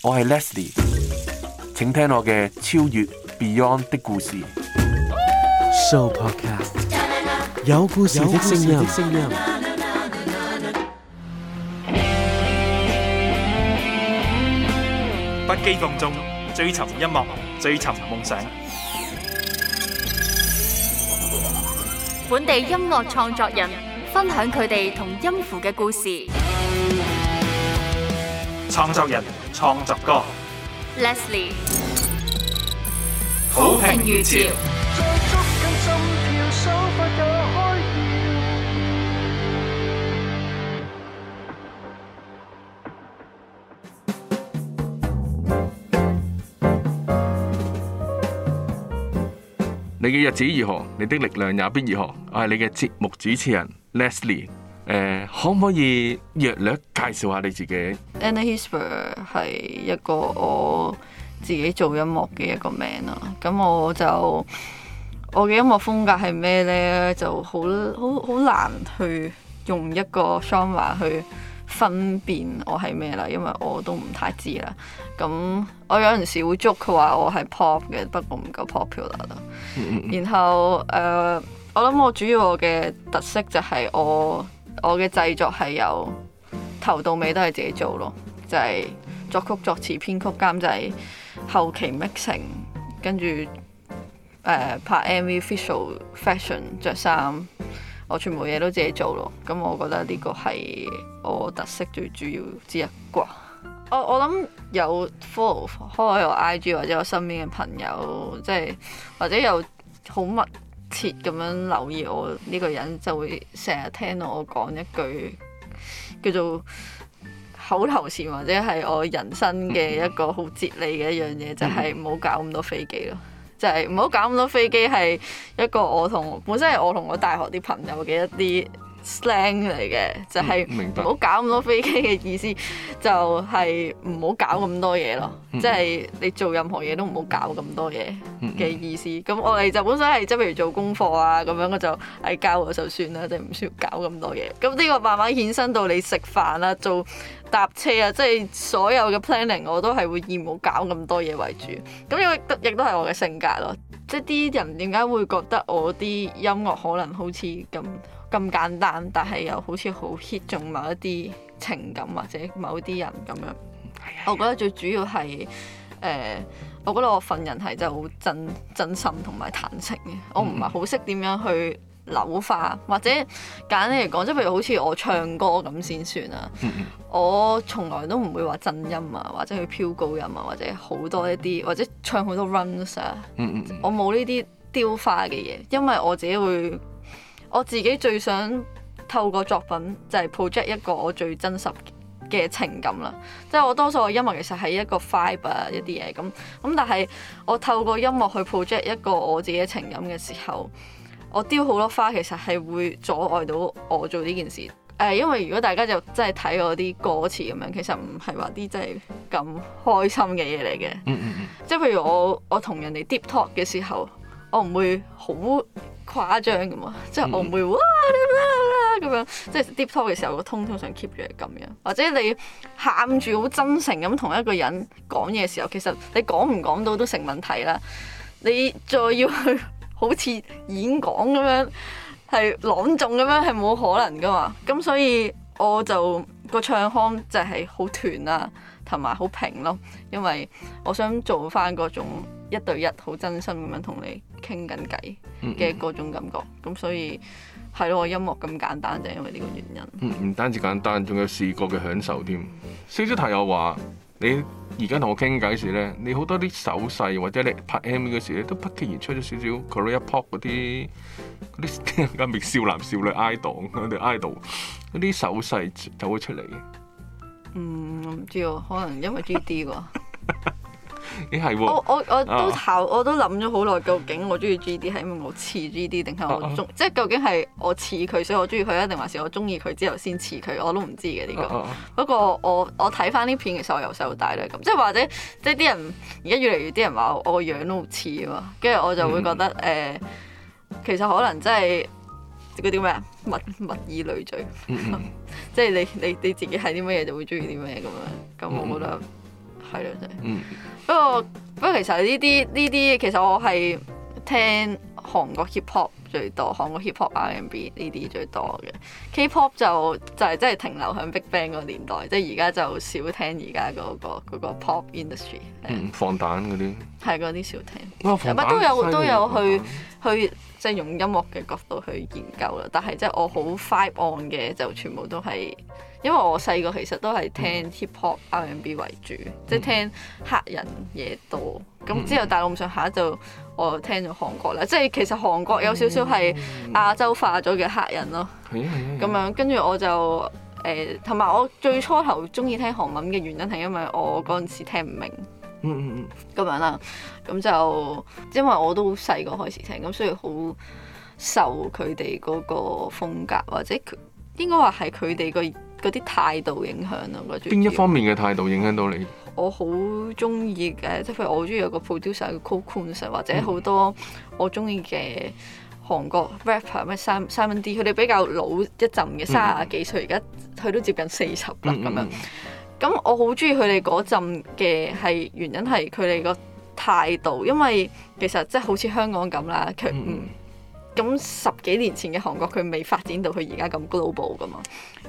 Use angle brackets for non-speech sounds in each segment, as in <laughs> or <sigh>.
我係 Leslie，請聽我嘅超越 Beyond 的故事 Show Podcast 有故事的聲音，不羈放縱，追尋音樂，追尋夢想。本地音樂創作人分享佢哋同音符嘅故事。創作人創作歌，Leslie，好評如潮。你嘅日子如何？你的力量也必如何？我係你嘅節目主持人 Leslie。誒可唔可以略略介紹下你自己？Anahisper 係一個我自己做音樂嘅一個名啊。咁我就我嘅音樂風格係咩呢？就好好好難去用一個 schema 去分辨我係咩啦，因為我都唔太知啦。咁我有陣時會捉佢話我係 pop 嘅，不過唔夠 popular 啦。 <laughs> 然後誒，uh, 我諗我主要我嘅特色就係我。我嘅製作係由頭到尾都係自己做咯，就係作曲、作詞、編曲、監製、後期 mixing，跟住誒拍 MV、visual、fashion、着衫，我全部嘢都自己做咯。咁我覺得呢個係我特色最主要之一啩。我我諗有 follow 開我 IG 或者我身邊嘅朋友，即係或者有好密切咁樣留意我呢個人，就會成日聽到我講一句叫做口頭禪，或者係我人生嘅一個好哲理嘅一樣嘢，就係唔好搞咁多飛機咯，就係唔好搞咁多飛機係一個我同本身係我同我大學啲朋友嘅一啲。slang 嚟嘅就係唔好搞咁多飛機嘅意思，就係唔好搞咁多嘢咯。即係、嗯、你做任何嘢都唔好搞咁多嘢嘅意思。咁我哋就本身係即係譬如做功課啊咁樣，我就嗌交咗就算啦，即係唔需要搞咁多嘢。咁呢個慢慢衍生到你食飯啊、做搭車啊，即係所有嘅 planning 我都係會以唔好搞咁多嘢為主。咁呢個亦都係我嘅性格咯。即係啲人點解會覺得我啲音樂可能好似咁？咁簡單，但係又好似好 hit 中某一啲情感或者某啲人咁樣。哎、呀我覺得最主要係誒、呃，我覺得我份人係真好真真心同埋坦誠嘅。我唔係好識點樣去扭化，或者簡單嚟講，即譬如好似我唱歌咁先算啦。嗯、我從來都唔會話震音啊，或者去飄高音啊，或者好多一啲，或者唱好多 run 上、啊。嗯嗯我冇呢啲雕花嘅嘢，因為我自己會。我自己最想透過作品就係、是、project 一個我最真實嘅情感啦，即係我多數嘅音樂其實係一個 vibe、啊、一啲嘢咁，咁但係我透過音樂去 project 一個我自己嘅情感嘅時候，我丟好多花其實係會阻礙到我做呢件事。誒、呃，因為如果大家就真係睇我啲歌詞咁樣，其實唔係話啲真係咁開心嘅嘢嚟嘅。 <laughs> 即係譬如我我同人哋 deep talk 嘅時候，我唔會好。誇張噶嘛，即係我唔會哇啦啦啦咁樣，即係 deep talk 嘅時候，個通通常 keep 住係咁樣，或者你喊住好真誠咁同一個人講嘢時候，其實你講唔講到都成問題啦。你再要去好似演講咁樣，係朗誦咁樣係冇可能噶嘛。咁所以我就、個唱腔就係好斷啊，同埋好平咯，因為我想做翻嗰種一對一好真心咁樣同你。傾緊偈嘅嗰種感覺，咁、嗯、所以係咯，音樂咁簡單就係因為呢個原因。唔、嗯、單止簡單，仲有視覺嘅享受添。小小泰又話：你而家同我傾偈時咧，你好多啲手勢或者你拍、e、MV 嗰時咧，都不期而出咗少少 Korean Pop 嗰啲嗰啲咁嘅少男少女 idol 嗰啲 idol 嗰啲手勢就會出嚟嘅。嗯，我唔知喎，可能因為 GD 啩。 <laughs> 咦，係喎！我我我都考，我都諗咗好耐，究竟我中意 GD 係因為我似 GD，定係我中，啊、即係究竟係我似佢，所以我中意佢，定還是我中意佢之後先似佢？我都唔知嘅呢、這個。啊、不過我我睇翻呢片嘅時候，我由細到大都係咁。即係或者即係啲人而家越嚟越啲人話我個樣都好似啊嘛，跟住我就會覺得誒、嗯呃，其實可能真係嗰啲咩物物以類聚，即係你你你自己係啲乜嘢就會中意啲咩咁樣。咁我覺得。係啦，就係、嗯。不過不過，其實呢啲呢啲，其實我係聽韓國 hip hop 最多，韓國 hip hop R and B 呢啲最多嘅。K pop 就就係即係停留喺 Big Bang 個年代，即係而家就少聽而家嗰個 pop industry、嗯。防彈嗰啲，係嗰啲少聽。不過都有都有去去即係用音樂嘅角度去研究啦，但係即係我好 five on 嘅，就全部都係。因為我細個其實都係聽 hip hop R n B 為主，嗯、即係聽黑人嘢多。咁、嗯、之後大陸咁上下我就我聽咗韓國啦，嗯、即係其實韓國有少少係亞洲化咗嘅黑人咯。咁、嗯嗯嗯、樣跟住我就誒，同、呃、埋我最初頭中意聽韓文嘅原因係因為我嗰陣時聽唔明。咁、嗯嗯嗯、樣啦，咁就因為我都細個開始聽，咁所以好受佢哋嗰個風格，或者應該話係佢哋個。嗰啲態度影響咯，邊一方面嘅態度影響到你？我好中意嘅，即譬如我好中意有個 producer Coconuts 或者好多我中意嘅韓國 rapper 咩三三、嗯、文 D，佢哋比較老一陣嘅，三十幾歲，而家佢都接近四十啦咁樣。咁、嗯、我好中意佢哋嗰陣嘅係原因係佢哋個態度，因為其實即係好似香港咁啦，佢。嗯嗯咁十幾年前嘅韓國佢未發展到佢而家咁 global 㗎嘛？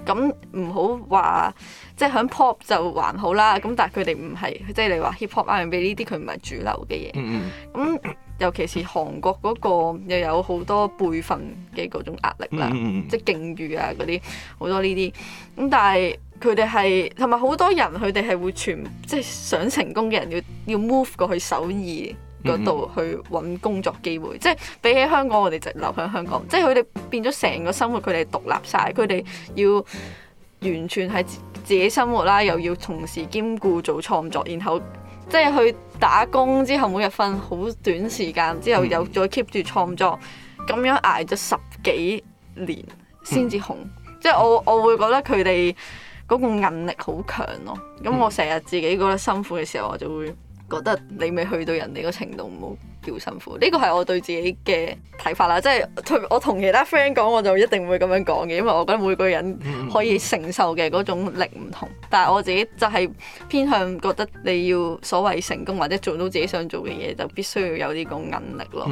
咁唔好話即係喺 pop 就還好啦。咁但係佢哋唔係，即係你話 hip hop 啊，呢啲佢唔係主流嘅嘢。咁、mm hmm. 尤其是韓國嗰個又有好多輩份嘅嗰種壓力啦，mm hmm. 即係境遇啊嗰啲好多呢啲。咁但係佢哋係同埋好多人，佢哋係會全即係想成功嘅人要要 move 過去首爾。嗰度、嗯嗯、去揾工作機會，即係比起香港，我哋直留喺香港，即係佢哋變咗成個生活，佢哋獨立晒，佢哋要完全係自己生活啦，又要同時兼顧做創作，然後即係去打工之後每日瞓好短時間之後又、嗯、再 keep 住創作，咁樣挨咗十幾年先至紅，嗯、即係我我會覺得佢哋嗰個韌力好強咯。咁我成日自己覺得辛苦嘅時候，我就會。覺得你未去到人哋個程度，唔好叫辛苦。呢個係我對自己嘅睇法啦，即係我同其他 friend 講，我就一定唔會咁樣講嘅，因為我覺得每個人可以承受嘅嗰種力唔同。但係我自己就係偏向覺得你要所謂成功或者做到自己想做嘅嘢，就必須要有啲咁韌力咯。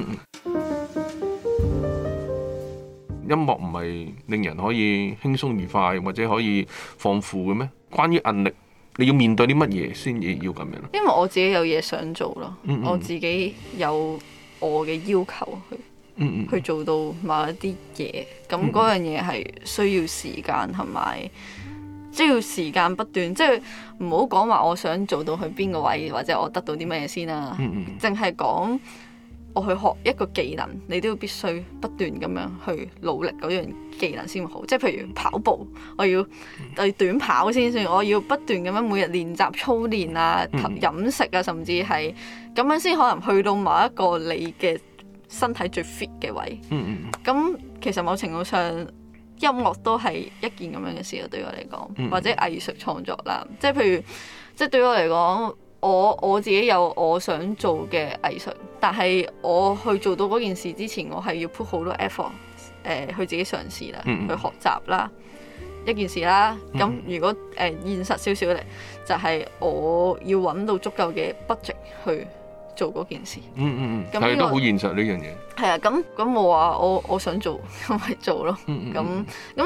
音樂唔係令人可以輕鬆愉快或者可以放負嘅咩？關於韌力。你要面對啲乜嘢先至要咁樣？因為我自己有嘢想做咯，嗯嗯我自己有我嘅要求去，嗯嗯去做到某一啲嘢。咁嗰、嗯嗯、樣嘢係需要時間，同埋即係要時間不斷，即係唔好講話我想做到去邊個位，嗯嗯或者我得到啲乜嘢先啦，淨係講。我去學一個技能，你都要必須不斷咁樣去努力嗰樣技能先好。即係譬如跑步，我要對短跑先算，我要不斷咁樣每日練習操練啊、飲食啊，甚至係咁樣先可能去到某一個你嘅身體最 fit 嘅位。嗯咁其實某程度上，音樂都係一件咁樣嘅事啊，對我嚟講，嗯、或者藝術創作啦，即係譬如，即係對我嚟講。我我自己有我想做嘅藝術，但係我去做到嗰件事之前，我係要 put 好多 effort，誒、呃、去自己嘗試啦，嗯嗯去學習啦，一件事啦。咁、嗯、如果誒、呃、現實少少咧，就係、是、我要揾到足夠嘅 budget 去做嗰件事。嗯嗯嗯。咁都好現實呢樣嘢。係啊，咁咁我話我我想做咁咪 <laughs> 做咯，咁咁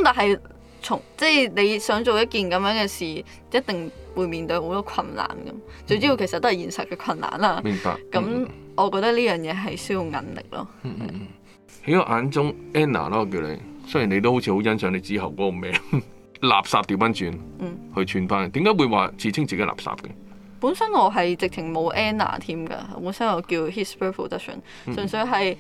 但係。從，即係你想做一件咁樣嘅事，一定會面對好多困難咁。最主要其實都係現實嘅困難啦。明白。咁我覺得呢樣嘢係需要韌力咯。喺我眼中，Anna 咯，我叫你。雖然你都好似好欣賞你之後嗰個名，垃圾掉翻轉，去串翻。點解會話自稱自己係垃圾嘅？本身我係直情冇 Anna 添㗎，本身我叫 His Production，純粹係。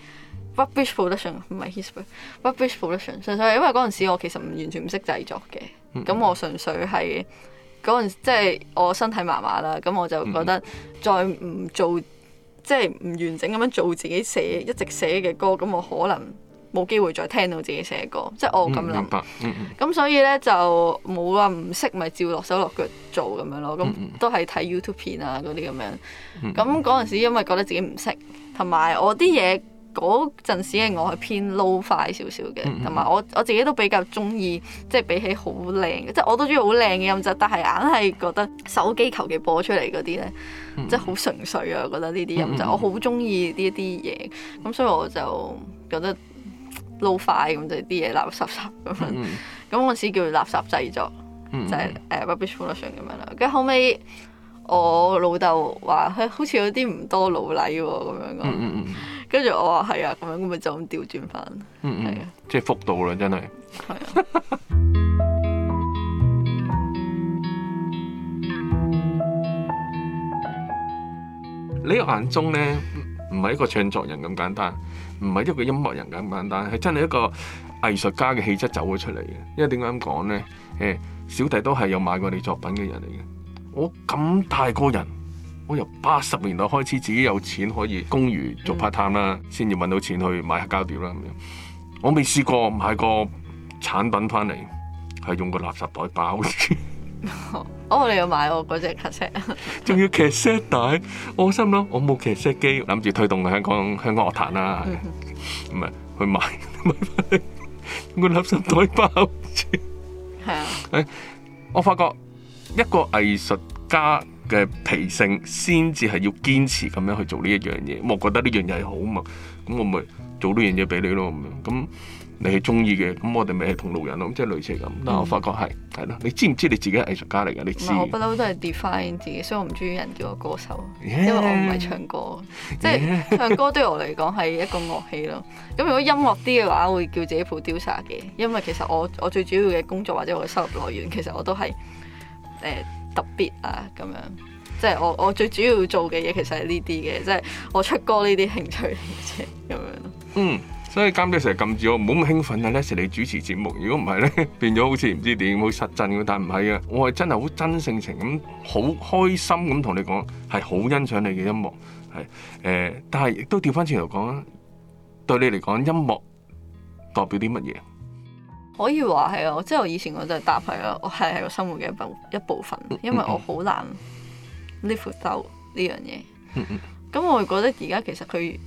Not production 唔係 history，Not production 純粹係因為嗰陣時我其實唔完全唔識製作嘅，咁、嗯、我純粹係嗰陣即係我身體麻麻啦，咁我就覺得再唔做即係唔完整咁樣做自己寫一直寫嘅歌，咁我可能冇機會再聽到自己寫嘅歌，即係我咁諗。明咁、嗯嗯、所以咧就冇話唔識，咪照落手落腳做咁樣咯。咁都係睇 YouTube 片啊，嗰啲咁樣。咁嗰陣時因為覺得自己唔識，同埋我啲嘢。嗰陣時嘅我係偏 lo-fi 少少嘅，同埋我我自己都比較中意、就是，即係比起好靚，即係我都中意好靚嘅音質，但係硬係覺得手機求其播出嚟嗰啲咧，mm hmm. 即係好純粹啊！我覺得呢啲音質，mm hmm. 我好中意呢一啲嘢，咁所以我就覺得 lo-fi 咁就啲嘢垃圾圾咁樣，咁嗰陣時叫垃圾製作，mm hmm. 就係、是、誒 Rubbish、uh, production 咁樣啦。跟後尾我老豆話佢好似有啲唔多老禮喎、啊、咁樣。Mm hmm. mm hmm. 跟住我話係啊，咁樣咁咪就咁調轉翻。嗯嗯，即係幅度啦，真係。你眼中咧，唔係一個唱作人咁簡單，唔係一個音樂人咁簡單，係真係一個藝術家嘅氣質走咗出嚟嘅。因為點解咁講咧？誒，小弟都係有買過你作品嘅人嚟嘅。我咁大個人。我由八十年代開始，自己有錢可以公餘做 part time 啦，先至揾到錢去買黑膠碟啦。咁樣我未試過買個產品翻嚟，係用個垃圾袋包住。哦，你有又買喎，嗰隻 cassette 仲要 cassette 帶，我心諗我冇 cassette 機，諗住推動香港香港樂壇啦，唔係、嗯、去買買翻嚟，用個垃圾袋包住。係啊，誒，我發覺一個藝術家。嘅脾性先至係要堅持咁樣去做呢一樣嘢，我覺得呢樣嘢係好啊嘛，咁、嗯、我咪做呢樣嘢俾你咯，咁、嗯、你係中意嘅，咁我哋咪係同路人咯，即係類似咁。但係我發覺係係咯，你知唔知你自己係藝術家嚟嘅？你知，我不嬲都係 define 自己，所以我唔中意人叫我歌手，yeah, 因為我唔係唱歌，Yeah. 即係唱歌對我嚟講係一個樂器咯。咁如果音樂啲嘅話，會叫自己做 producer 嘅，因為其實我我最主要嘅工作或者我嘅收入來源，其實我都係。誒、呃、特別啊，咁樣即係我我最主要做嘅嘢其實係呢啲嘅，即係我出歌呢啲興趣嚟啫，咁樣咯。嗯，所以監製成日禁止我唔好咁興奮啊 Leslie，你主持節目，如果唔係咧變咗好似唔知點會實陣嘅，但唔係啊。我係真係好真性情咁，好開心咁同你講係好欣賞你嘅音樂，係誒、呃，但係亦都調翻轉頭講，對你嚟講音樂代表啲乜嘢？可以話係啊，即係我以前嗰陣搭係咯，係係我生活嘅一部一部分，因為我好難 live without 呢樣嘢。咁我會覺得而家其實佢，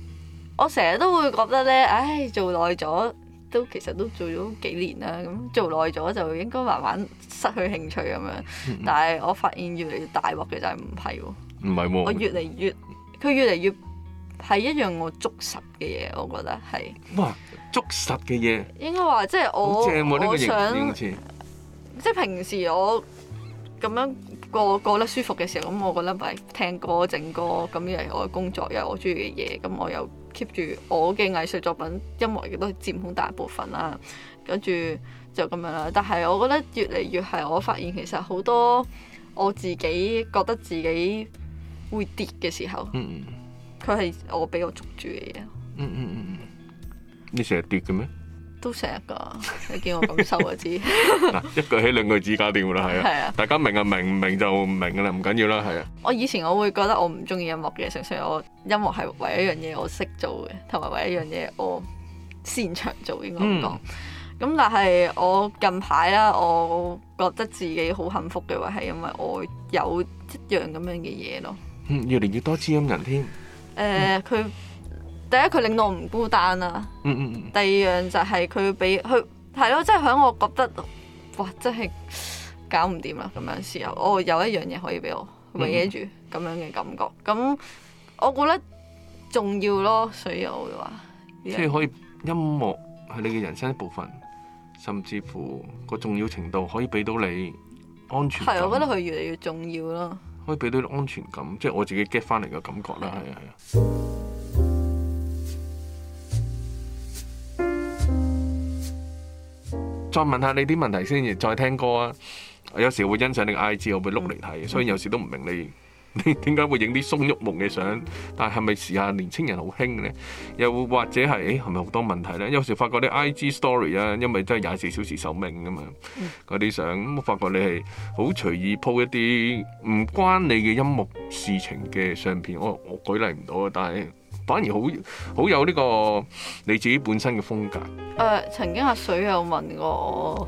我成日都會覺得咧，唉，做耐咗都其實都做咗幾年啦，咁做耐咗就應該慢慢失去興趣咁樣。 <laughs> 但係我發現越嚟越大鑊嘅就係唔係喎，唔係喎，我越嚟越佢越嚟越係一樣我捉實嘅嘢，我覺得係。哇捉實嘅嘢，應該話即係我、啊、個我想，即係平時我咁樣過過得舒服嘅時候，咁我覺得咪聽歌整歌，咁又係我嘅工作，又係我中意嘅嘢，咁我又 keep 住我嘅藝術作品，音樂亦都佔好大部分啦。跟住就咁樣啦。但係我覺得越嚟越係，我發現其實好多我自己覺得自己會跌嘅時候，佢係、嗯嗯、我俾我捉住嘅嘢。嗯嗯你成日跌嘅咩？都成日噶， <laughs> 你見我咁收，我知。嗱，一句起兩句止搞掂啦，係啊。係啊，大家明，明啊明，明唔明就唔明噶啦，唔緊要啦，係啊。我以前我會覺得我唔中意音樂嘅，純粹我音樂係唯一樣嘢我識做嘅，同埋唯一樣嘢我擅長做應該講。咁、嗯、但係我近排啦，我覺得自己好幸福嘅話，係因為我有一樣咁樣嘅嘢咯。嗯，越嚟越多知音人添。誒，佢。第一，佢令到我唔孤單啦。嗯嗯嗯。第二樣就係佢俾佢係咯，即係喺我覺得哇，真係搞唔掂啦。咁樣時候，我有一樣嘢可以俾我咪嘢住，咁樣嘅感覺。咁、嗯嗯、我覺得重要咯，所以我話即係可以，音樂係你嘅人生一部分，甚至乎個重要程度可以俾到你安全。係，我覺得佢越嚟越重要咯。可以俾到你安全感，即係我自己 get 翻嚟嘅感覺啦。係啊，係啊。再問下你啲問題先，再聽歌啊！我有時我會欣賞你嘅 I G，我會碌嚟睇，雖、嗯、然有時都唔明你你點解會影啲鬆郁矇嘅相。但係係咪時下年輕人好興咧？又或者係誒係咪好多問題咧？有時發覺啲 I G story 啊，因為真係廿四小時壽命咁啊，嗰啲相咁，我發覺你係好隨意 po 一啲唔關你嘅音樂事情嘅相片。我我舉例唔到啊，但係。反而好好有呢個你自己本身嘅風格。誒、呃，曾經阿水有問過我，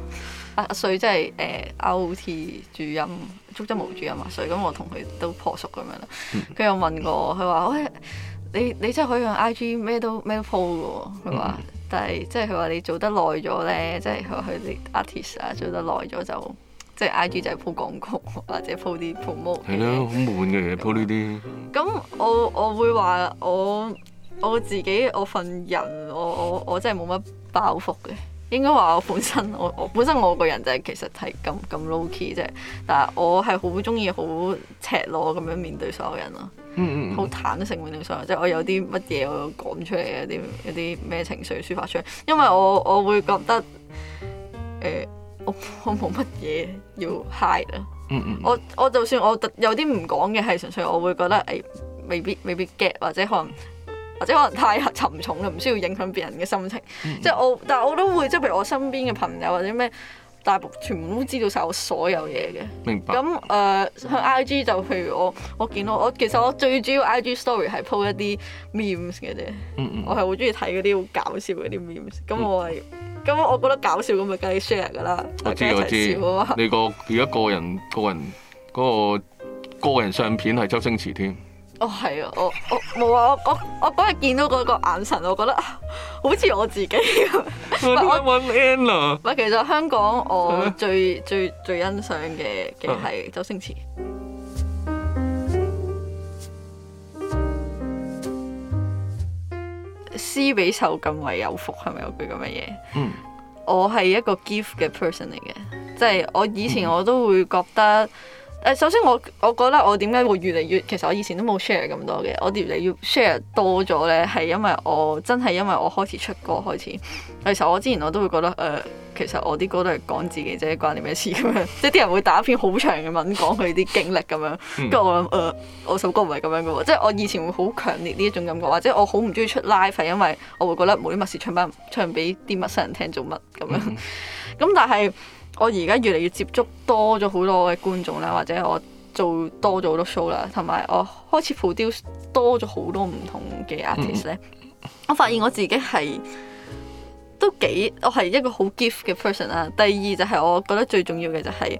阿、啊、阿水即係誒 OT 主音，足則無主音阿、啊、水，咁我同佢都頗熟咁樣啦。佢 <laughs> 有問過我，佢話：喂、欸，你你真係可以用 IG 咩都咩都 po 嘅喎。佢話，但係即係佢話你做得耐咗咧，即、就、係、是、佢話佢哋 artist 啊做得耐咗就。即係 I G 就係鋪廣告或者鋪啲 promo 嘅，係咯，好悶嘅嘢，鋪呢啲。咁、嗯、我我會話我我自己我份人，我我我真係冇乜包袱嘅。應該話我本身我我本身我個人就係、是、其實係咁咁 low key 即係。但係我係好中意好赤裸咁樣面對所有人咯。好、嗯嗯嗯、坦誠面對所有人嗯嗯即係我有啲乜嘢我講出嚟嘅啲有啲咩情緒抒發出嚟，因為我我，我會覺得誒。呃我冇乜嘢要 hide 啦。嗯嗯我我就算我有啲唔講嘅係純粹我會覺得誒、欸、未必未必 get 或者可能或者可能太沉重啦，唔需要影響別人嘅心情。嗯嗯即係我，但係我都會即係譬如我身邊嘅朋友或者咩大部全部都知道晒我所有嘢嘅。明白。咁誒喺 IG 就譬如我我見到我其實我最主要 IG story 係 po 一啲 memes 嘅啫。嗯嗯我係好中意睇嗰啲好搞笑嗰啲 memes。咁我係。咁我覺得搞笑咁咪梗係 share 噶啦！我知我知，你個而家個人個人嗰個個人相片係周星馳添。哦係啊，我我冇啊，我我我嗰日見到個個眼神，我覺得好似我自己。唔係 Anna。唔我係、啊，其實香港我最 <laughs> 最最最欣賞嘅嘅係周星馳。施比受更為有福，係咪有句咁嘅嘢？Mm. 我係一個 give 嘅 person 嚟嘅，即係我以前我都會覺得。誒，uh, 首先我我覺得我點解會越嚟越，其實我以前都冇 share 咁多嘅，我越嚟越 share 多咗咧，係因為我真係因為我開始出歌開始， <laughs> 其實我之前我都會覺得誒、呃，其實我啲歌都係講自己啫，關你咩事咁樣，即係啲人會打一篇好長嘅文講佢啲經歷咁樣，跟住我諗，誒、呃，我首歌唔係咁樣嘅喎，即係我以前會好強烈呢一種感覺，或者我好唔中意出 live 係因為我會覺得冇啲乜事，唱翻唱俾啲陌生人聽做乜咁樣，咁 <laughs> <laughs> 但係。我而家越嚟越接觸多咗好多嘅觀眾啦，或者我做多咗好多 show 啦，同埋我開始 produce 多咗好多唔同嘅 artist 咧，嗯、我發現我自己係都幾，我係一個好 gift 嘅 person 啦。第二就係我覺得最重要嘅就係、是，誒、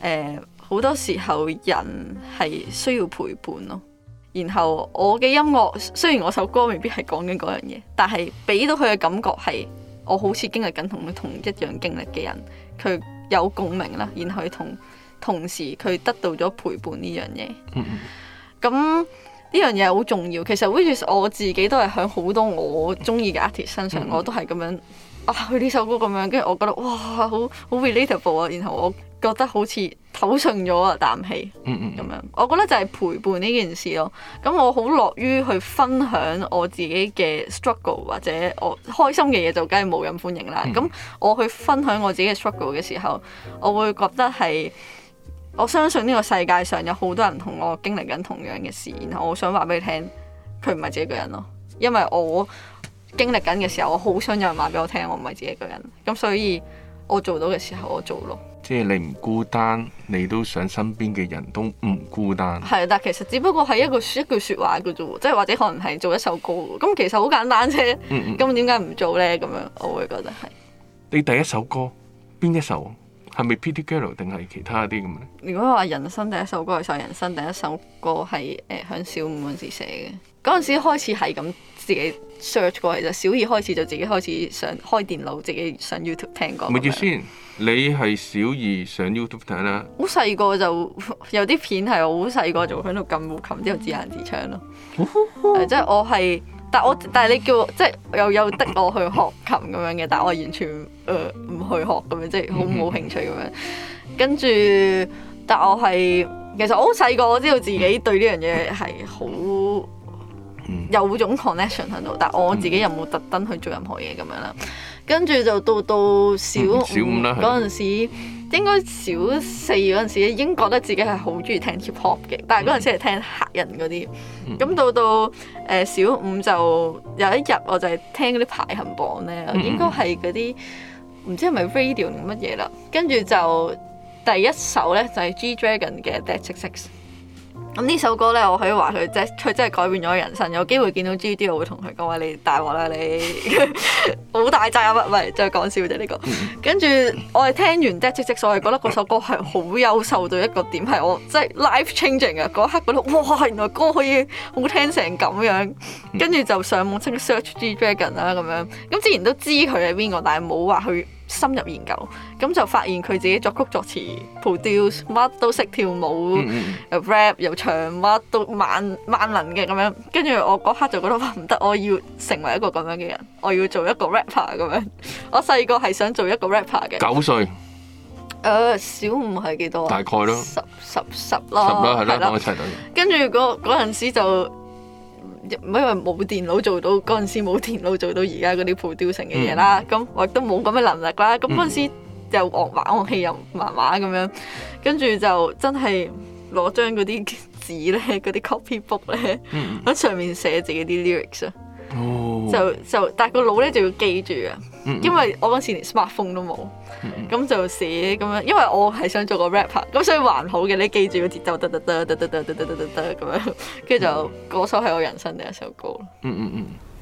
呃、好多時候人係需要陪伴咯。然後我嘅音樂雖然我首歌未必係講緊嗰樣嘢，但係俾到佢嘅感覺係。我好似經歷緊同佢同一樣經歷嘅人，佢有共鳴啦，然後同同時佢得到咗陪伴呢樣嘢，咁呢樣嘢好重要。其實 which is 我自己都係喺好多我中意嘅 artist 身上，嗯、我都係咁樣啊，佢呢首歌咁樣，跟住我覺得哇，好好 relatable 啊，然後我。覺得好似抖順咗啊，啖氣咁樣。我覺得就係陪伴呢件事咯。咁我好樂於去分享我自己嘅 struggle，或者我開心嘅嘢就梗係冇咁歡迎啦。咁我去分享我自己嘅 struggle 嘅時候，我會覺得係我相信呢個世界上有好多人同我經歷緊同樣嘅事，然後我想話俾你聽，佢唔係自己一個人咯。因為我經歷緊嘅時候，我好想有人話俾我聽，我唔係自己一個人。咁所以我做到嘅時候，我做咯。即係你唔孤單，你都想身邊嘅人都唔孤單。係啊，但其實只不過係一,一句一句說話嘅啫，即係或者可能係做一首歌，咁其實好簡單啫。咁點解唔做呢？咁樣我會覺得係。你第一首歌邊一首？係咪《Pity Girl》定係其他啲咁咧？如果話人生第一首歌，就係人生第一首歌係誒響小五嗰時寫嘅。嗰陣時開始係咁自己 search 過，其實小二開始就自己開始上開電腦，自己上 YouTube 聽過。咪住先，樣你係小二上 YouTube 聽啦。好細個就有啲片係好細個就喺度撳琴之後自彈自唱咯、 <laughs> 呃。即係我係，但我但係你叫我即係又有的我去學琴咁樣嘅，但我完全誒唔、呃、去學咁 <laughs> 樣，即係好冇興趣咁樣。跟住，但我係其實我好細個，我知道自己對呢樣嘢係好。嗯、有種 connection 喺度，但係我自己又冇特登去做任何嘢咁樣啦。跟住就到到小五嗰陣、嗯、時，應該小四嗰陣時已經覺得自己係好鍾意聽 hip hop 嘅，但係嗰陣時係聽黑人嗰啲。咁、嗯、到到誒、呃、小五就有一日我就係聽嗰啲排行榜咧，嗯、應該係嗰啲唔知係咪 radio 定乜嘢啦。跟住就第一首咧就係、是、G Dragon 嘅 That's It。咁呢首歌咧，我可以話佢即係佢真係改變咗人生。有機會見到 G D，我會同佢講，話你大鑊啦，你好 <laughs> 大隻啊，喂，唔係就講笑啫呢個。 <laughs> 跟住我係聽完《Death》即即，我係覺得嗰首歌係好優秀到一個點，係我即係 life changing 啊！嗰刻覺得：「哇，原來歌可以好聽成咁樣。跟住就上網即刻 search G Dragon 啦咁、啊、樣。咁之前都知佢係邊個，但係冇話佢，深入研究，咁就發現佢自己作曲作詞，produce，乜都識跳舞，又 rap 又唱，乜都萬萬能嘅咁樣。跟住我嗰刻就覺得話唔得，我要成為一個咁樣嘅人，我要做一個 rapper 咁樣。我細個係想做一個 rapper 嘅。九歲。誒，小五係幾多？大概咯。十十十啦。十啦，係啦，我一齊到。跟住嗰嗰陣時就。唔係因為冇電腦做到嗰陣時冇電腦做到而家嗰啲 puter 成嘅嘢啦，咁我都冇咁嘅能力啦。咁嗰陣時又玩玩樂器又麻麻咁樣，跟住就真係攞張嗰啲紙咧，嗰啲 copy book 咧，喺、嗯、上面寫自己啲 lyrics。哦就就，但係個腦咧就要記住啊！因為我嗰時連 smartphone 都冇，咁就寫咁樣。因為我係想做個 rapper，咁所以還好嘅，你記住個節奏，得得得得得得得得得得得咁樣，跟住就嗰首係我人生第一首歌。嗯嗯嗯。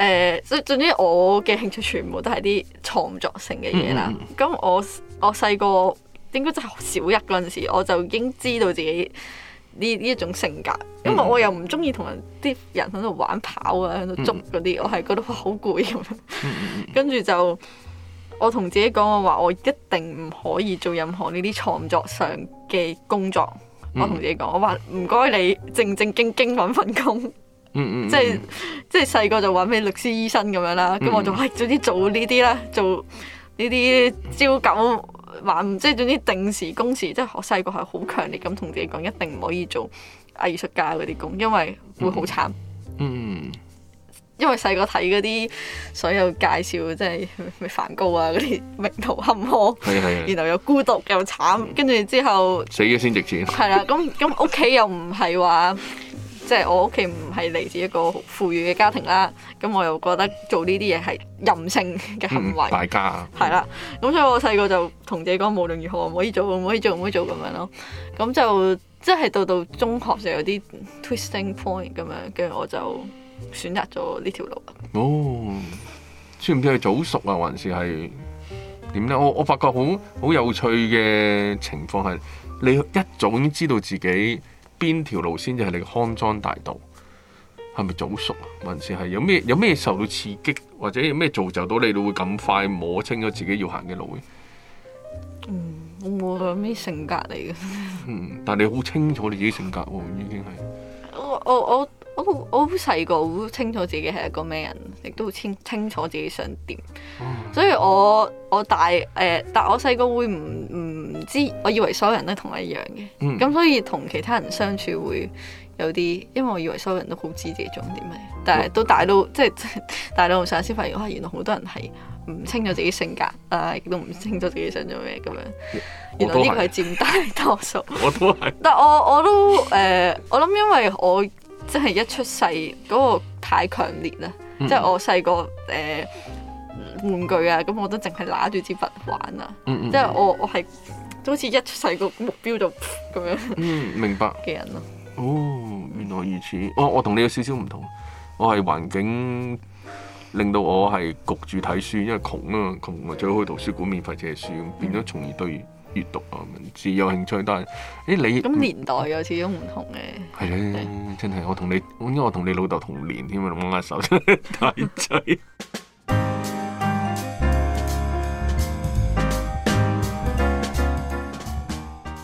誒，所以、uh, so, 總之我嘅興趣全部都係啲創作性嘅嘢啦。咁、mm hmm. 嗯、我我細個應該就係小一嗰陣時，我就已經知道自己呢呢一種性格，因為我又唔鍾意同人啲人喺度玩跑啊，喺度捉嗰啲，我係覺得好攰咁。跟住就我同自己講我話，我一定唔可以做任何呢啲創作上嘅工作。我同自己講，我話唔該你正正經經揾份工。嗯嗯嗯即係即係細個就搵咩律師、醫生咁樣啦，咁、嗯嗯、我就係總之做呢啲啦，做呢啲朝九晚，即係總之定時工時，即係我細個係好強烈咁同自己講，一定唔可以做藝術家嗰啲工，因為會好慘。嗯，嗯，因為細個睇嗰啲所有介紹，即係咩梵高啊嗰啲命途坎坷，嗯、 <laughs> 然後又孤獨又慘，跟住、嗯、之後死咗先值錢。係啦，咁咁屋企又唔係話。即係我屋企唔係嚟自一個富裕嘅家庭啦，咁我又覺得做呢啲嘢係任性嘅行為，嗯，大家。係啦，咁所以我細個就同自己講，無論如何唔可以做，唔可以做，唔可以做咁樣咯。咁就即係，就是，到到中學就有啲 twisting point 咁樣，跟住我就選擇咗呢條路。哦，知唔知佢早熟啊，還是係點咧？我我發覺好好有趣嘅情況係，你一早已經知道自己。邊條路先至係你康莊大道？係咪早熟啊？還是係有咩有咩受到刺激，或者有咩造就到你，你會咁快摸清咗自己要行嘅路咧？嗯，我冇有咩性格嚟嘅。嗯，但係你好清楚你自己性格喎，已經係。我我我。我好細個，好清楚自己係一個咩人，亦都好清清楚自己想點。嗯、所以我，我我大誒、呃，但我細個會唔唔知，我以為所有人都同我一樣嘅。咁、嗯、所以同其他人相處會有啲，因為我以為所有人都好知自己想點咩？但係到大到我即係大到上先發現，哇！原來好多人係唔清楚自己性格啊，亦都唔清楚自己想做咩咁樣。我原來呢個係佔大多數。我都係。我都但我我都誒、呃，我諗因為我。真係一出世嗰個太強烈啦！嗯、即係我細個誒玩具啊，咁我都淨係拿住支筆玩啊！嗯嗯、即係我我係好似一出世個目標就咁樣。嗯，明白。嘅人咯，哦，原來如此。哦、我我同你有少少唔同，我係環境令到我係焗住睇書，因為窮啊嘛，窮啊，窮啊我最好去圖書館免費借書，變咗從而對。嗯閱讀啊，文字，有興趣，但係，誒、欸，你咁、嗯、年代有始終唔同嘅，係啊， <noise> 真係，我同你，我因為我同你老豆同年添啊，老馬握手大仔。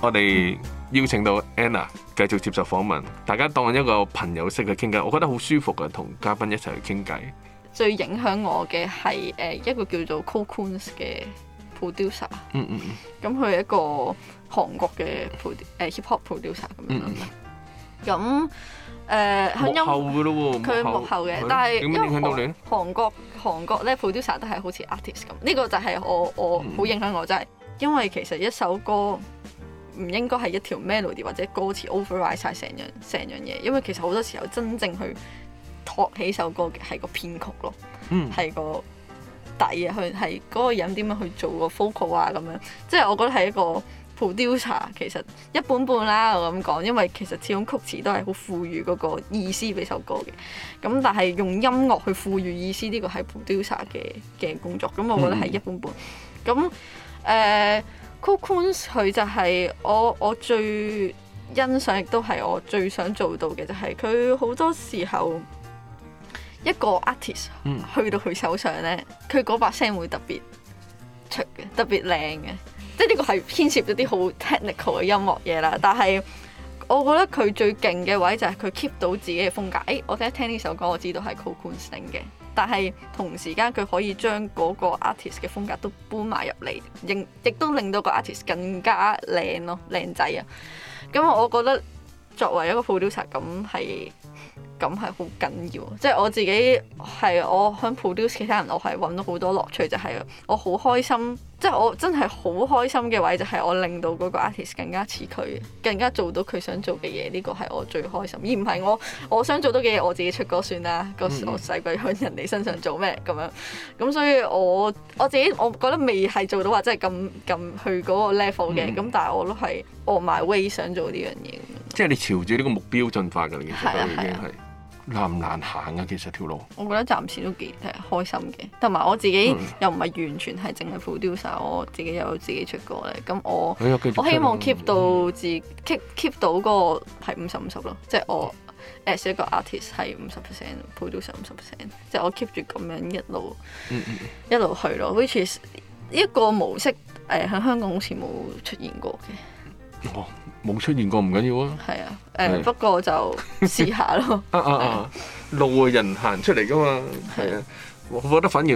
我哋邀請到 Anna 繼續接受訪問，大家當一個朋友式嘅傾偈，我覺得好舒服嘅，同嘉賓一齊去傾偈。最影響我嘅係誒，一個叫做 Cocoons 嘅。producer 嗯，嗯，咁佢係一個韓國嘅誒 hip hop producer 咁樣。咁誒、嗯，後嘅佢幕後嘅，但係是因為韓國韓國咧 producer 都係好似 artist 咁，呢、呢個就係我我好影響我，真係、嗯、因為其實一首歌唔應該係一條 melody 或者歌詞 override 曬成樣成樣嘢，因為其實好多時候真正去托起首歌嘅係個編曲咯，嗯，係個。底啊，佢係嗰個人點樣去做個 focal 啊，咁樣，即係我覺得係一個 producer 其實一般般啦，我咁講，因為其實始終曲詞都係好賦予嗰個意思俾首歌嘅，咁但係用音樂去賦予意思呢個係 producer 嘅嘅工作，咁我覺得係一般般。咁誒，Coconuts 佢就係我我最欣賞亦都係我最想做到嘅，就係佢好多時候。一個 artist 去到佢手上呢，佢嗰把聲會特別出嘅，特別靚嘅。即係呢個係牽涉咗啲好 technical 嘅音樂嘢啦。但係我覺得佢最勁嘅位就係佢 keep 到自己嘅風格。誒、欸，我第一聽呢首歌我知道係 Coco 嘅。但係同時間佢可以將嗰個 artist 嘅風格都搬埋入嚟，亦都令到個 artist 更加靚咯、哦，靚仔啊！咁、嗯、我覺得作為一個 producer，咁係。咁係好緊要，即係我自己係我響 produce 其他人，我係揾到好多樂趣，就係、是、我好開心，即係我真係好開心嘅位，就係我令到嗰個 artist 更加似佢，更加做到佢想做嘅嘢，呢個係我最開心，而唔係我我想做到嘅嘢我自己出歌算啦，個我使鬼響人哋身上做咩咁樣，咁、嗯嗯、所以我我自己我覺得未係做到話真係咁咁去嗰個 level 嘅，咁、嗯、但係我都係 on my way 想做呢樣嘢，即係你朝住呢個目標進發嘅。難唔難行啊？其實條路，我覺得暫時都幾誒開心嘅，同埋我自己、嗯、又唔係完全係淨係 producer，我自己有自己出歌咧。咁我、哎、我希望 keep 到自己、嗯、keep keep 到個係五十五十咯，即係我、嗯、as 一個 artist 係五十 percent producer 五十 percent，即係我 keep 住咁樣一路嗯嗯一路去咯。which is 一個模式誒喺、呃、香港好似冇出現過嘅。嗯哦冇出現過唔緊要啊，係啊，誒不過就試下咯。啊啊啊！路啊人行出嚟㗎嘛，係啊，我覺得反而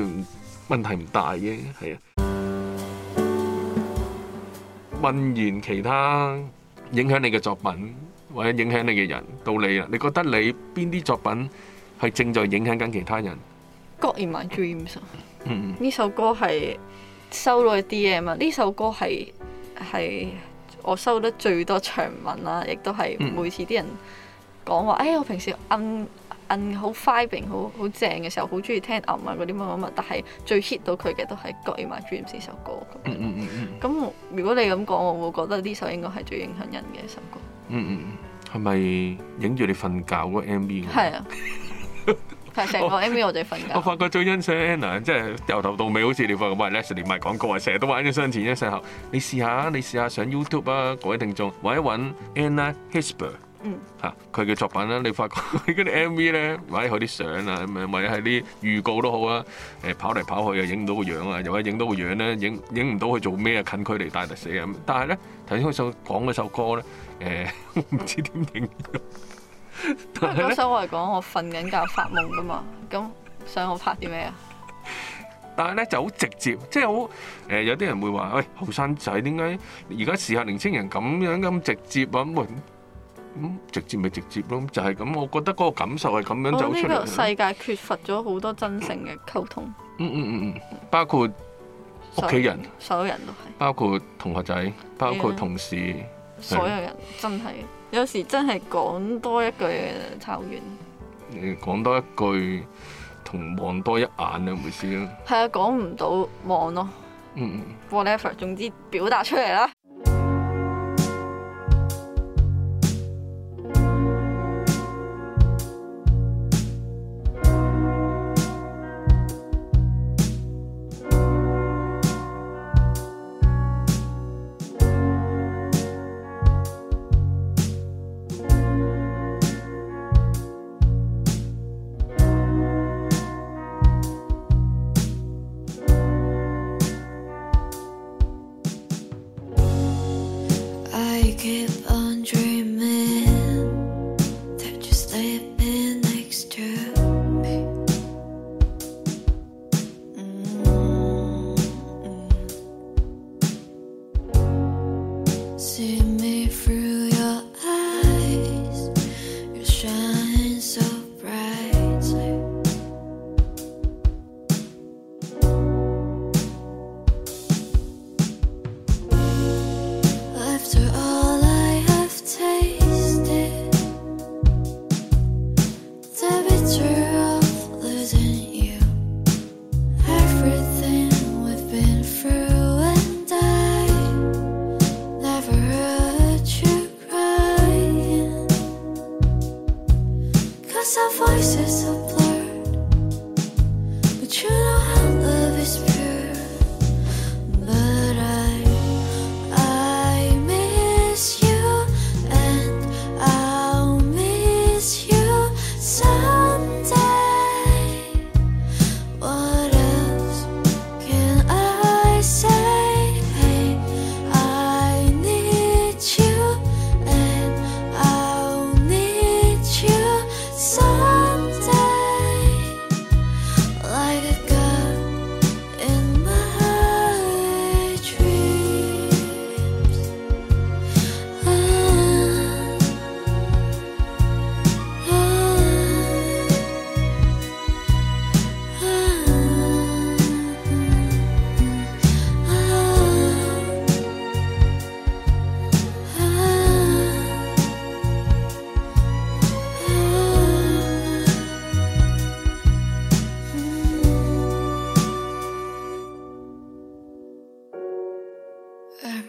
問題唔大嘅，係啊。問完其他影響你嘅作品或者影響你嘅人到你啊，你覺得你邊啲作品係正在影響緊其他人？Got in my dreams 啊，嗯，呢首歌係收到 DM 啊，呢首歌係係。我收得最多長文啦，亦都係每次啲人講話，嗯、哎，我平時吟吟好 flying 好好正嘅時候，好中意聽吟啊嗰啲乜乜乜，但係最 hit 到佢嘅都係《My Dreams》呢首歌。咁、嗯嗯嗯、如果你咁講，我會覺得呢首應該係最影響人嘅一首歌。嗯，係咪影住你瞓覺嗰個 MV？係啊。 <laughs> 成個 MV 我哋瞓覺、哦。我發覺最欣賞 Anna，即係由頭到尾好似你發覺喂，Leslie 唔係廣告啊，成日都玩啲雙前、雙後。你試下，你試下上 YouTube 啊，各位聽眾，揾一揾 Anna Hesper。嗯。佢嘅、啊、作品咧，你發覺嗰啲 MV 咧，或者佢啲相啊，咁樣或者係啲預告都好啊。誒、呃，跑嚟跑去又影唔到個樣啊，又或者影到個樣咧，影影唔到佢做咩啊，近距離大特寫啊。但係咧，頭先我首講嘅首歌咧，誒、呃，我唔知點評。 <laughs> 對 <laughs> 啊呢，所以我嚟講，我瞓緊覺發夢噶嘛，咁想我拍啲咩啊？但係咧就好直接，即係好誒，有啲人會話、哎：，喂，後生仔點解而家時下年青人咁樣咁直接啊？咁直接咪直接咯，就係、是、咁。我覺得嗰個感受係咁樣走出嚟。呢個世界缺乏咗好多真誠嘅溝通。嗯嗯嗯嗯，包括屋企人所，所有人都係，包括同學仔，包括同事，所有人真係。有時真係講多一句差完，你講多一句同望多一眼兩回事咯。係啊，講唔到望咯、啊。嗯嗯、mm。Hmm. Whatever，總之表達出嚟啦。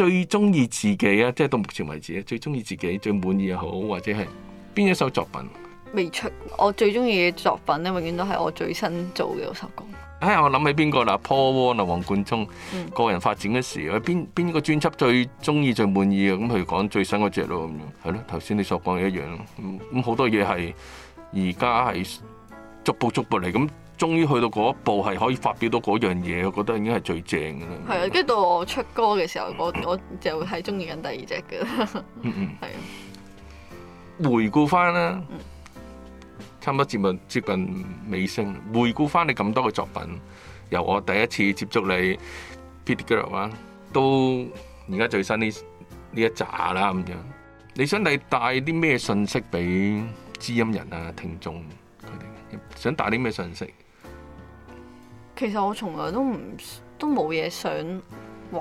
最中意自己啊，即係到目前為止啊，最中意自己最滿意又好，或者係邊一首作品？未出，我最中意嘅作品咧，永遠都係我最新做嘅嗰首歌。哎我諗起邊個啦，Paul Wong 啦，黃貫中，個人發展嘅時，邊邊個專輯最中意最滿意啊？咁譬如講最新嗰隻咯，咁樣係咯。頭先你所講嘅一樣，咁好多嘢係而家係逐步逐步嚟咁。終於去到嗰一步，係可以發表到嗰樣嘢，我覺得已經係最正嘅啦。係啊的，跟住的到我出歌嘅時候，我 <coughs> 我就係中意緊第二隻嘅。 <laughs> 的嗯嗯，係啊。回顧翻啦，差唔多接近接近尾聲。回顧翻你咁多嘅作品，由我第一次接觸你《Pity Girl》啊， <coughs> 都而家最新呢呢一集啦，咁樣你想你帶啲咩信息俾知音人啊、聽眾佢哋？想帶啲咩信息？其實我從來都唔都冇嘢想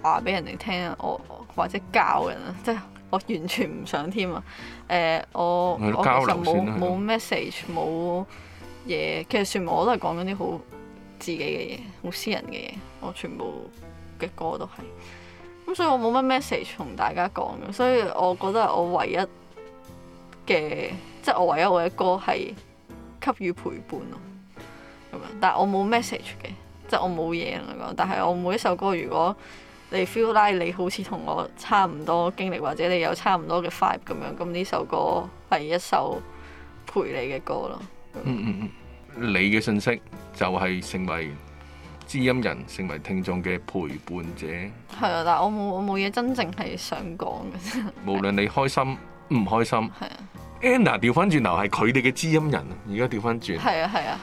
話俾人哋聽啊，我或者教人啊，即係我完全唔想添啊。誒、呃，我我，我其實冇冇 message 冇嘢，其實全部我都係講緊啲好自己嘅嘢，好私人嘅嘢。我全部嘅歌都係咁，所以我冇乜 message 同大家講嘅。所以我覺得我唯一嘅即係我唯一我嘅歌係給予陪伴咯，咁樣。但係我冇 message 嘅。即我冇嘢嚟講，但係我每一首歌，如果你 feel like 你好似同我差唔多經歷，或者你有差唔多嘅 vibe 咁樣，咁呢首歌係一首陪你嘅歌咯、嗯嗯。你嘅信息就係成為知音人，成為聽眾嘅陪伴者。係啊，但係我冇我冇嘢真正係想講嘅啫。無論你開心唔 <laughs> 開心、啊、，Anna 調翻轉頭係佢哋嘅知音人，而家調翻轉，係啊係啊。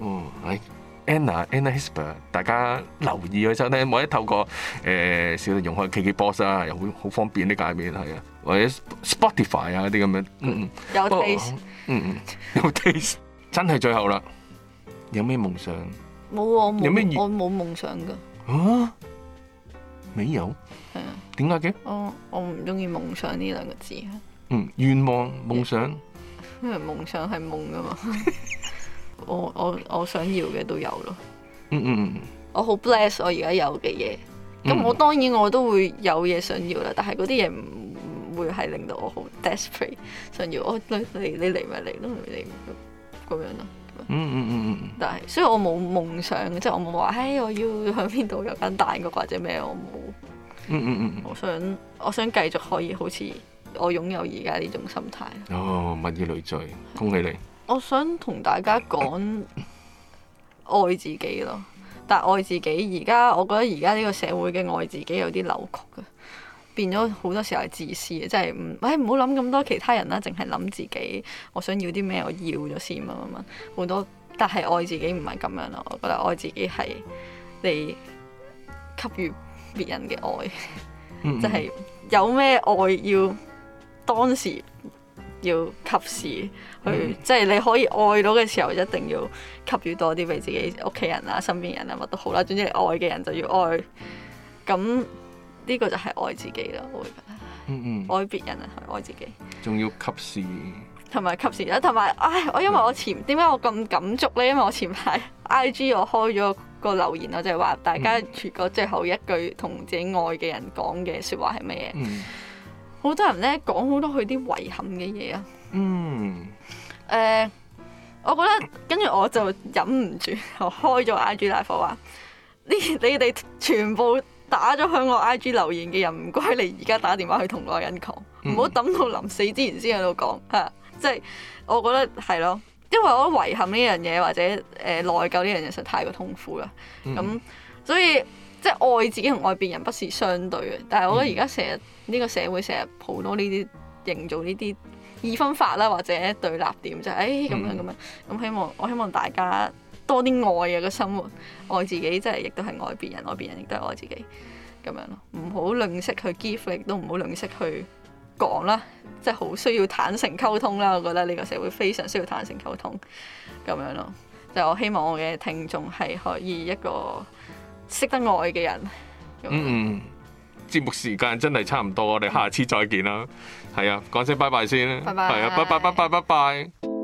哦、啊，係、嗯。Anna，Anna Hesper，大家留意佢收聽，或者透過誒小弟用開 KKBOX 啊，又好好方便啲界面係啊，或者 Spotify 啊嗰啲咁樣，嗯嗯，有 taste，嗯嗯，有 taste，真係最後啦，有咩夢想？冇我冇，有咩我冇夢想噶啊？未有？係啊？點解嘅？我我唔中意夢想呢兩個字啊。嗯，願望夢想，因為夢想係夢噶嘛？ <laughs> 我我我想要嘅都有咯，嗯嗯、mm hmm. 我好 bless 我而家有嘅嘢，咁我當然我都會有嘢想要啦，但係嗰啲嘢唔唔會係令到我好 desperate 想要，我你你嚟咪嚟咯，你咁樣咯，嗯嗯嗯嗯，hmm. 但係所以我冇夢想，即係我冇話，誒、哎、我要響邊度有間大屋或者咩，我冇，嗯嗯嗯，我想我想繼續可以好似我擁有而家呢種心態，哦、oh, 物以類聚，恭喜你。 <laughs> 我想同大家講愛自己咯，但係愛自己而家，我覺得而家呢個社會嘅愛自己有啲扭曲嘅，變咗好多時候係自私嘅，即係唔，唔好諗咁多其他人啦，淨係諗自己，我想要啲咩，我要咗先啊嘛嘛，好多，但係愛自己唔係咁樣咯，我覺得愛自己係你給予別人嘅愛，即係、嗯嗯、 <laughs> 有咩愛要當時。要及時去，嗯、即係你可以愛到嘅時候，一定要給予多啲俾自己屋企人啊、身邊人啊，乜都好啦。總之你愛嘅人就要愛，咁呢個就係愛自己咯。我會覺得，嗯嗯、愛別人啊，愛自己，仲要及時，同埋及時啦、啊，同埋唉，我因為我前點解、嗯、我咁感觸呢？因為我前排 IG 我開咗個留言，我就係話大家如果最後一句同自己愛嘅人講嘅説話係乜嘢？嗯嗯好多人咧講好多佢啲遺憾嘅嘢啊，嗯，誒，我覺得跟住我就忍唔住就開咗 I G 大火話，你你哋全部打咗響我 I G 留言嘅人唔該，你而家打電話去同個人講，唔好等到臨死之前先喺度講吓，即係我覺得係咯、啊，因為我遺憾呢樣嘢或者誒內、呃、疚呢樣嘢實太過痛苦啦，咁、mm. 所以。即係愛自己同愛別人不是相對嘅，但係我覺得而家成日呢、嗯、個社會成日好多呢啲營造呢啲二分法啦，或者對立點就誒、是、咁、哎、樣咁樣，咁、嗯、希望我希望大家多啲愛啊、這個生活，愛自己即係亦都係愛別人，愛別人亦都係愛自己咁樣咯，唔好吝嗇去 give 亦都唔好吝嗇去講啦，即係好需要坦誠溝通啦，我覺得呢個社會非常需要坦誠溝通咁樣咯，就是、我希望我嘅聽眾係可以一個識得愛嘅人。嗯，嗯，節目時間真係差唔多，我哋下次再見啦。嗯，係啊，講聲拜拜先，拜拜！係啊，拜拜拜拜拜拜。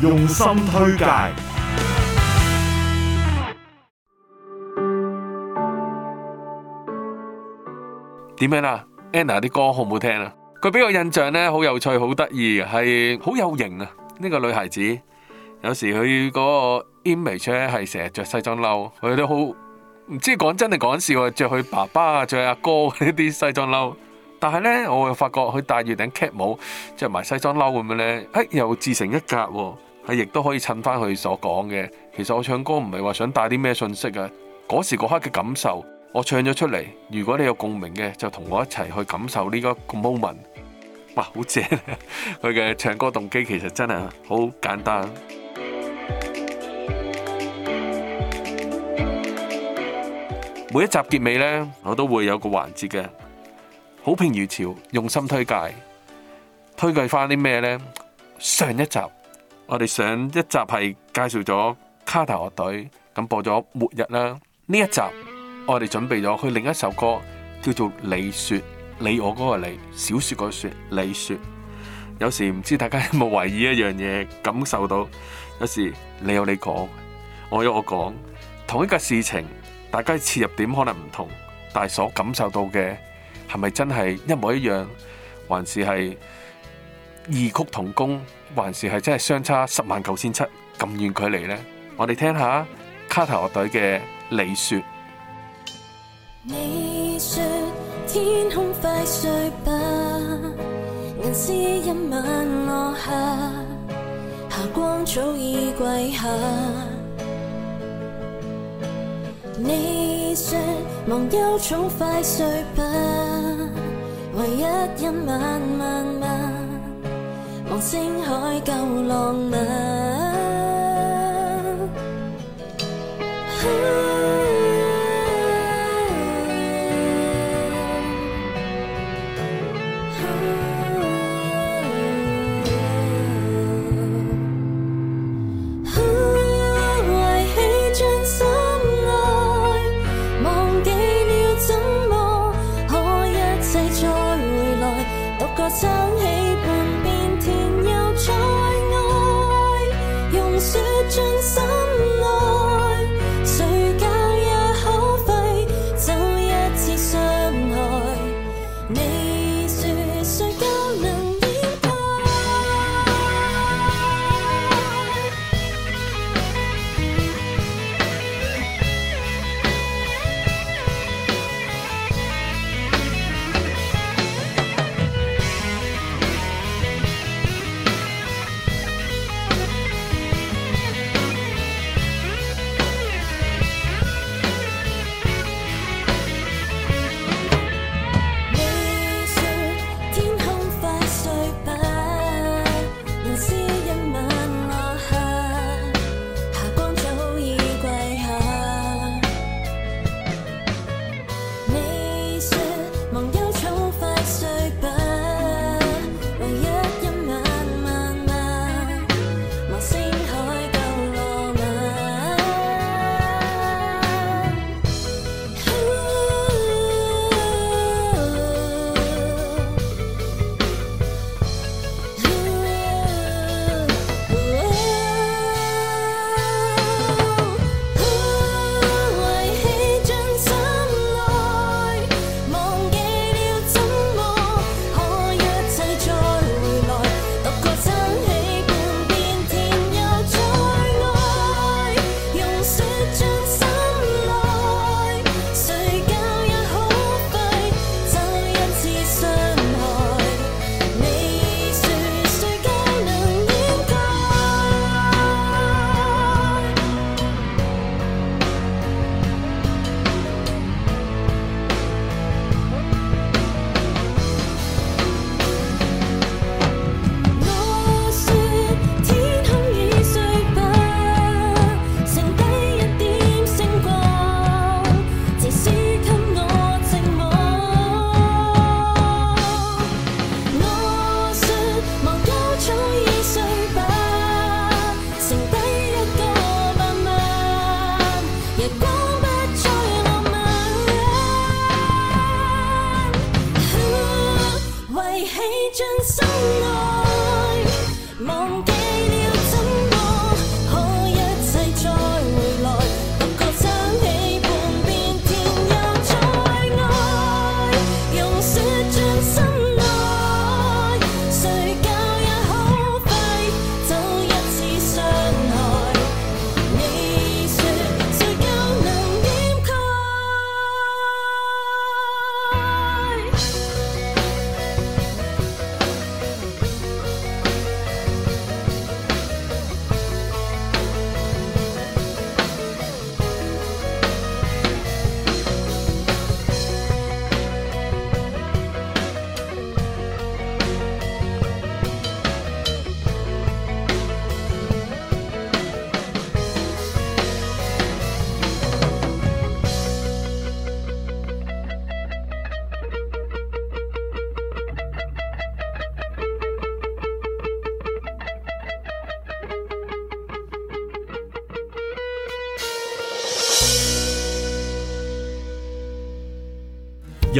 用心推介，點樣啊？Anna 啲歌好唔好聽啊？佢俾我印象咧，好有趣，好得意，係好有型啊！呢個女孩子，有時佢個 image 咧，係成日着西裝褸，佢都好唔知講真定講笑，着佢爸爸啊，着阿哥啲西裝褸。但係咧，我又發覺佢戴住頂 cap 帽，着埋西裝褸咁樣咧，哎，又自成一格喎，啊。係亦都可以襯翻佢所講嘅。其實我唱歌唔係話想帶啲咩信息啊。嗰時嗰刻嘅感受，我唱咗出嚟。如果你有共鳴嘅，就同我一齊去感受呢個 moment。哇，好正，啊！佢嘅唱歌動機其實真係好簡單。每一集結尾咧，我都會有個環節嘅。好評如潮，用心推介，推介翻啲咩呢？上一集我哋上一集係介紹咗卡達樂隊，咁播咗《末日》啦。呢一集我哋準備咗去另一首歌，叫做《你說你我嗰個你，小說個說你說》。有時唔知大家有冇懷疑一樣嘢，感受到有時你有你講，我有我講，同一個事情，大家切入點可能唔同，但係所感受到嘅。係咪真係一模一樣，還是係異曲同工，還是係真係相差十萬九千七咁遠距離呢？我哋聽下卡頭樂隊嘅《李雪你說》。你說天空快碎吧，銀絲一晚落下，霞光早已跪下。你說忘憂草快碎吧。一一慢慢晚望星海，夠浪漫。 <music>